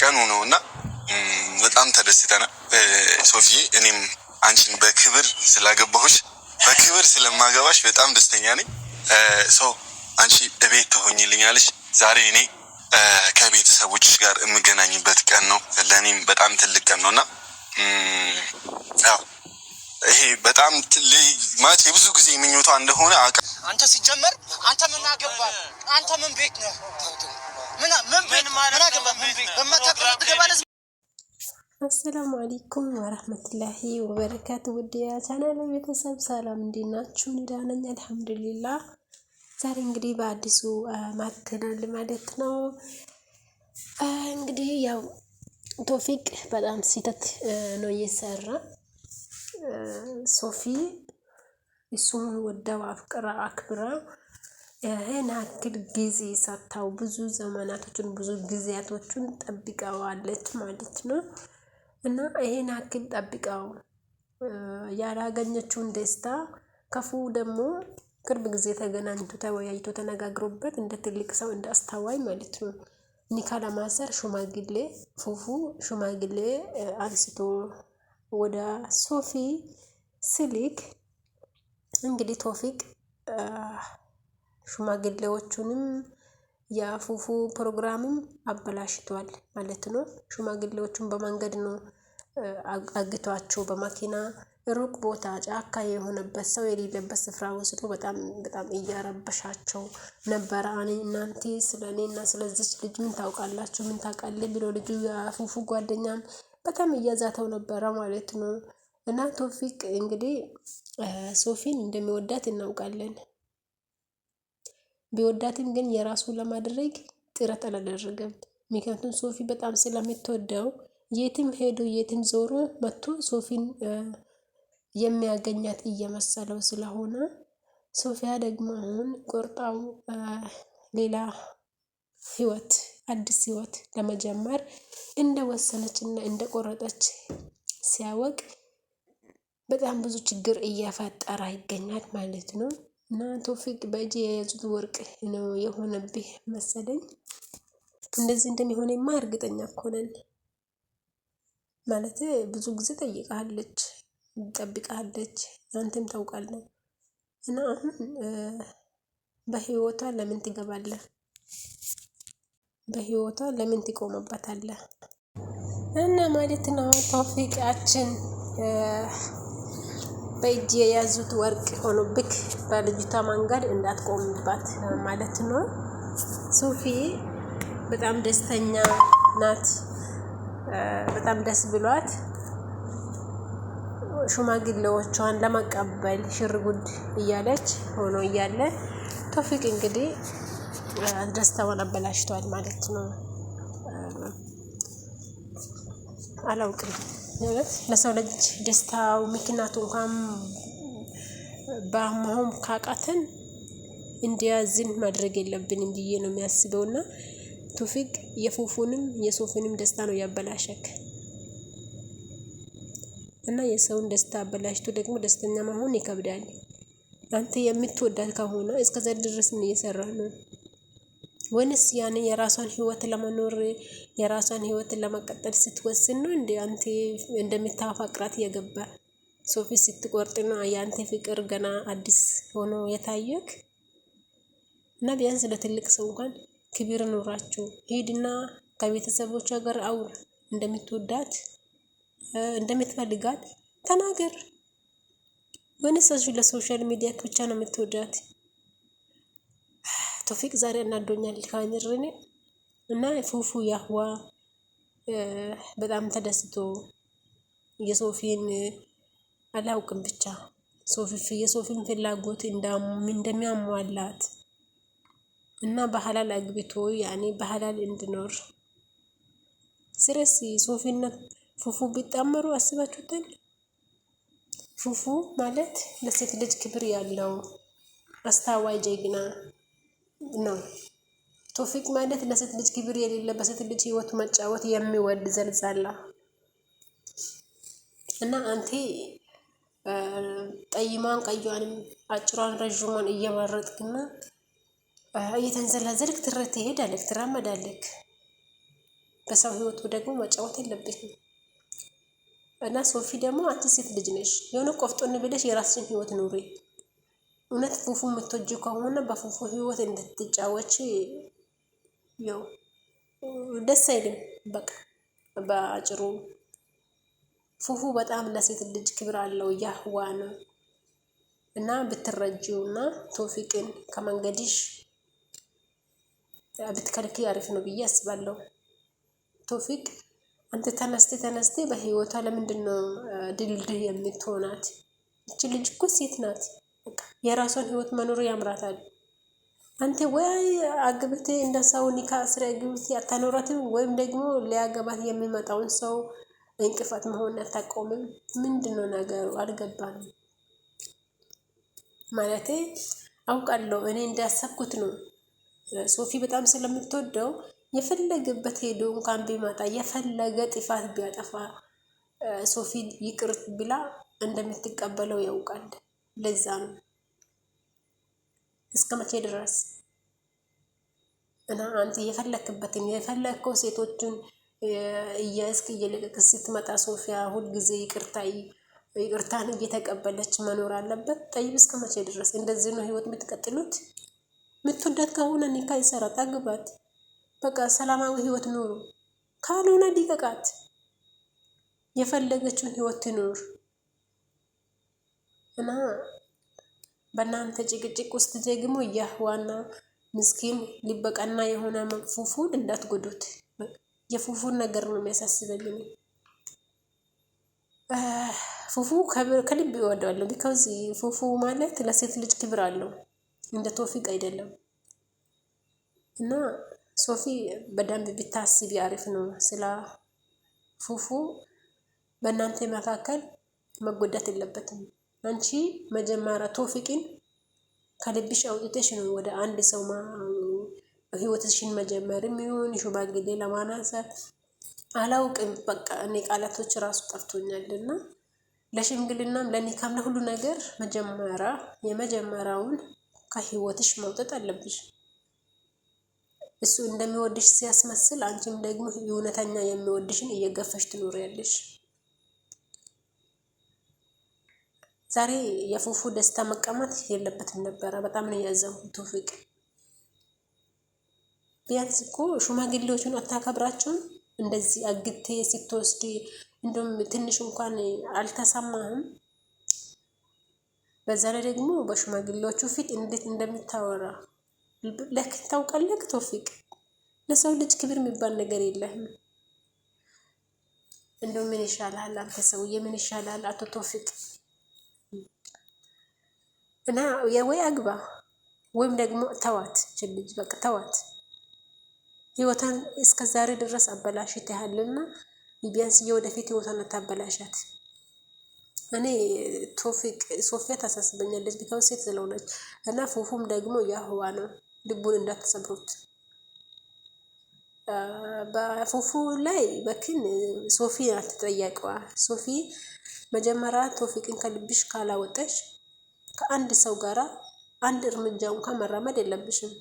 ቀኑ ነው እና በጣም ተደስተናል። ሶፊዬ እኔም አንቺን በክብር ስላገባሁሽ በክብር ስለማገባሽ በጣም ደስተኛ ነኝ። ሰው አንቺ እቤት ትሆኝልኛለች። ዛሬ እኔ ከቤተሰቦች ጋር የምገናኝበት ቀን ነው። ለእኔም በጣም ትልቅ ቀን ነው እና ይሄ በጣም ማለት የብዙ ጊዜ ምኞቷ እንደሆነ አንተ ሲጀመር አንተ ምን አገባ አንተ ምን ቤት ነው አሰላሙ አለይኩም ወረህመቱላሂ ወበረካቱ። ውድ የቻናል ቤተሰብ ሰላም እንዴት ናችሁ? ደህና ነኝ አልሐምዱሊላህ። ዛሬ እንግዲህ በአዲሱ ማትናል ማለት ነው። እንግዲህ ያው ቶፊቅ በጣም ስህተት ነው እየሰራ ሶፊ እሱን ወደው አፍቅራ አክብራ ይህን ያክል ጊዜ ሰጥታው ብዙ ዘመናቶችን ብዙ ጊዜያቶችን ጠብቀዋለች ማለት ነው። እና ይህን ያክል ጠብቀው ያላገኘችውን ደስታ ከፉ ደግሞ ቅርብ ጊዜ ተገናኝቶ ተወያይቶ ተነጋግሮበት እንደ ትልቅ ሰው እንደ አስተዋይ ማለት ነው ኒካ ለማሰር ሽማግሌ ፉፉ ሽማግሌ አንስቶ ወደ ሶፊ ስሊክ እንግዲህ ቶፊቅ ሽማግሌዎቹንም የአፉፉ ፕሮግራምም አበላሽቷል ማለት ነው። ሽማግሌዎቹን በመንገድ ነው አግቷቸው በመኪና ሩቅ ቦታ ጫካ የሆነበት ሰው የሌለበት ስፍራ ወስዶ በጣም በጣም እያረበሻቸው ነበረ። እኔ እናንተ ስለ እና ስለዚች ልጅ ምን ታውቃላችሁ? ምን ታውቃለ ብሎ ልጁ የአፉፉ ጓደኛም በጣም እያዛተው ነበረ ማለት ነው። እና ቶፊቅ እንግዲህ ሶፊን እንደሚወዳት እናውቃለን ቢወዳትም ግን የራሱ ለማድረግ ጥረት አላደረገም። ምክንያቱም ሶፊ በጣም ስለምትወደው የትም ሄዶ የትም ዞሮ መጥቶ ሶፊን የሚያገኛት እየመሰለው ስለሆነ ሶፊያ ደግሞ አሁን ቆርጣው ሌላ ህይወት አዲስ ህይወት ለመጀመር እንደ ወሰነች እና እንደ ቆረጠች ሲያወቅ በጣም ብዙ ችግር እያፈጠረ ይገኛል ማለት ነው። እና ቶፊቅ በእጅ የያዙት ወርቅ ነው የሆነብህ መሰለኝ። እንደዚህ እንደሚሆነማ እርግጠኛ እኮ ነን። ማለት ብዙ ጊዜ ጠይቃለች፣ ጠብቃለች፣ አንተም ታውቃለህ። እና አሁን በህይወቷ ለምን ትገባለህ? በህይወቷ ለምን ትቆምበታለህ? እና ማለት ነው ቶፊቃችን በእጅ የያዙት ወርቅ ሆኖብክ በልጅቷ መንገድ እንዳትቆምባት ማለት ነው። ሱፊ በጣም ደስተኛ ናት። በጣም ደስ ብሏት ሽማግሌዎቿን ለመቀበል ሽርጉድ እያለች ሆኖ እያለ ቶፊቅ እንግዲህ ደስታውን አበላሽቷል ማለት ነው። አላውቅም። ለሰው ልጅ ደስታው ምክንያቱ እንኳን በመሆን ካቃተን እንዲያዝን ማድረግ የለብንም ብዬ ነው የሚያስበው። ና ቱፊቅ የፉፉንም የሶፍንም ደስታ ነው ያበላሸክ እና የሰውን ደስታ አበላሽቶ ደግሞ ደስተኛ መሆን ይከብዳል። አንተ የምትወዳት ከሆነ እስከዛ ድረስ እየሰራ ነው። ወይንስ ያን የራሷን ህይወት ለመኖር የራሷን ህይወት ለመቀጠል ስትወስን ነው እንደ አንተ እንደምታፋቅራት የገባ ሶፊ ስትቆርጥ ነው የአንተ ፍቅር ገና አዲስ ሆኖ የታየክ እና ቢያንስ ለትልቅ ሰው እንኳን ክብር ኑራችሁ ሂድና ከቤተሰቦቿ ጋር አውራ እንደምትወዳት እንደምትፈልጋት ተናገር። ወይንስ ለሶሻል ሚዲያ ብቻ ነው የምትወዳት? ቶፊቅ ዛሬ እናዶኛል ካኝርን እና ፉፉ ያህዋ በጣም ተደስቶ የሶፊን አላውቅም ብቻ ሶፊፍ የሶፊን ፍላጎት እንደሚያሟላት እና በሀላል አግብቶ ያኔ በሀላል እንድኖር ስረስ ሶፊና ፉፉ ቢጣመሩ አስባችሁታል? ፉፉ ማለት ለሴት ልጅ ክብር ያለው አስታዋይ ጀግና ነው። ቶፊቅ ማለት ለሴት ልጅ ክብር የሌለ በሴት ልጅ ህይወት መጫወት የሚወድ ዘልዛላ እና አንቴ ጠይማን ቀይዋንም አጭሯን ረዥሟን እየመረጥክና እየተንዘላዘልክ ትረ ትሄዳለክ ትራመዳለክ። በሰው ህይወቱ ደግሞ መጫወት የለብህም እና ሶፊ ደግሞ አንቺ ሴት ልጅ ነሽ፣ የሆነ ቆፍጦን ብለሽ የራስሽን ህይወት ኑሬ? እውነት ፉፉ የምትወጂ ከሆነ በፉፉ ህይወት እንድትጫወች ያው ደስ አይልም። በቃ በአጭሩ ፉፉ በጣም ለሴት ልጅ ክብር አለው። ያህዋ ነው እና ብትረጂው እና ቶፊቅን ከመንገድሽ ብትከልክ አሪፍ ነው ብዬ አስባለሁ። ቶፊቅ አንተ ተነስቴ ተነስቴ በህይወቷ ለምንድን ነው ድልድይ የምትሆናት? እች ልጅ እኮ ሴት ናት። የራሷን ህይወት መኖር ያምራታል። አንተ ወይ አግብቴ እንደሰው ኒካ ስራ ግብት አታኖራትም፣ ወይም ደግሞ ሊያገባት የሚመጣውን ሰው እንቅፋት መሆን አታቆምም። ምንድን ነው ነገሩ? አልገባንም። ማለቴ አውቃለሁ እኔ እንዳሰብኩት ነው። ሶፊ በጣም ስለምትወደው የፈለገበት ሄዶ እንኳን ቢመጣ የፈለገ ጥፋት ቢያጠፋ ሶፊ ይቅርት ብላ እንደምትቀበለው ያውቃል። ለዛ ነው። እስከ መቼ ድረስ እና አንተ የፈለክበትን የፈለከው ሴቶችን እያስክ እየለቀቅ ስትመጣ ሶፊያ ሁልጊዜ ይቅርታ ይቅርታን እየተቀበለች መኖር አለበት። ጠይብ እስከ መቼ ድረስ እንደዚህ ነው ህይወት የምትቀጥሉት? ምትወዳት ከሆነ ኒካ ይሰራ፣ አግባት፣ በቃ ሰላማዊ ህይወት ኑሩ። ካልሆነ ሊቀቃት፣ የፈለገችውን ህይወት ትኑር። እና በእናንተ ጭቅጭቅ ውስጥ ደግሞ ያህ ዋና ምስኪን ሊበቀና የሆነ ፉፉን እንዳትጎዱት። የፉፉን ነገር ነው የሚያሳስበኝ። ፉፉ ከልብ ይወደዋለሁ። ቢካውዝ ፉፉ ማለት ለሴት ልጅ ክብር አለው፣ እንደ ቶፊቅ አይደለም። እና ሶፊ በደንብ ብታስቢ አሪፍ ነው። ስለ ፉፉ በእናንተ መካከል መጎዳት የለበትም። አንቺ መጀመሪያ ቶፊቅን ከልብሽ አውጥተሽ ነው ወደ አንድ ሰው ህይወትሽን መጀመርም ይሁን ሹባግሌ ለማናሳት አላውቅም። በቃ እኔ ቃላቶች ራሱ ጠፍቶኛልና ለሽምግልናም ለኒካም ለሁሉ ነገር መጀመሪያ የመጀመሪያውን ከህይወትሽ መውጠጥ አለብሽ። እሱ እንደሚወድሽ ሲያስመስል፣ አንቺም ደግሞ እውነተኛ የሚወድሽን እየገፈሽ ትኖሪያለሽ። ዛሬ የፉፉ ደስታ መቀማት የለበትም ነበረ። በጣም ነው ያዘንኩት ቶፊቅ። ቢያንስ እኮ ሽማግሌዎቹን አታከብራቸውም? እንደዚህ አግቴ ስትወስድ እንዲሁም ትንሽ እንኳን አልተሰማህም? በዛ ላይ ደግሞ በሽማግሌዎቹ ፊት እንዴት እንደምታወራ ለክ ታውቃለህ ቶፊቅ። ለሰው ልጅ ክብር የሚባል ነገር የለህም። እንደው ምን ይሻላል አንተ ሰውዬ፣ ምን ይሻላል አቶ ቶፊቅ? እና ወይ አግባ ወይም ደግሞ ተዋት። ችልጅ በቃ ተዋት። ህይወቷን እስከዛሬ ድረስ አበላሽተሃልና ቢያንስ የወደፊት ህይወቷን አታበላሻት። እኔ ቶፊቅ ሶፊያ ታሳስበኛለች ቢካም ሴት ስለሆነች እና ፉፉም ደግሞ ያህዋ ነው። ልቡን እንዳትሰብሩት። በፉፉ ላይ በክን ሶፊ ናት ሶፊ መጀመሪያ ቶፊቅን ከልብሽ ካላወጠች ከአንድ ሰው ጋራ አንድ እርምጃ እንኳን መራመድ የለብሽም።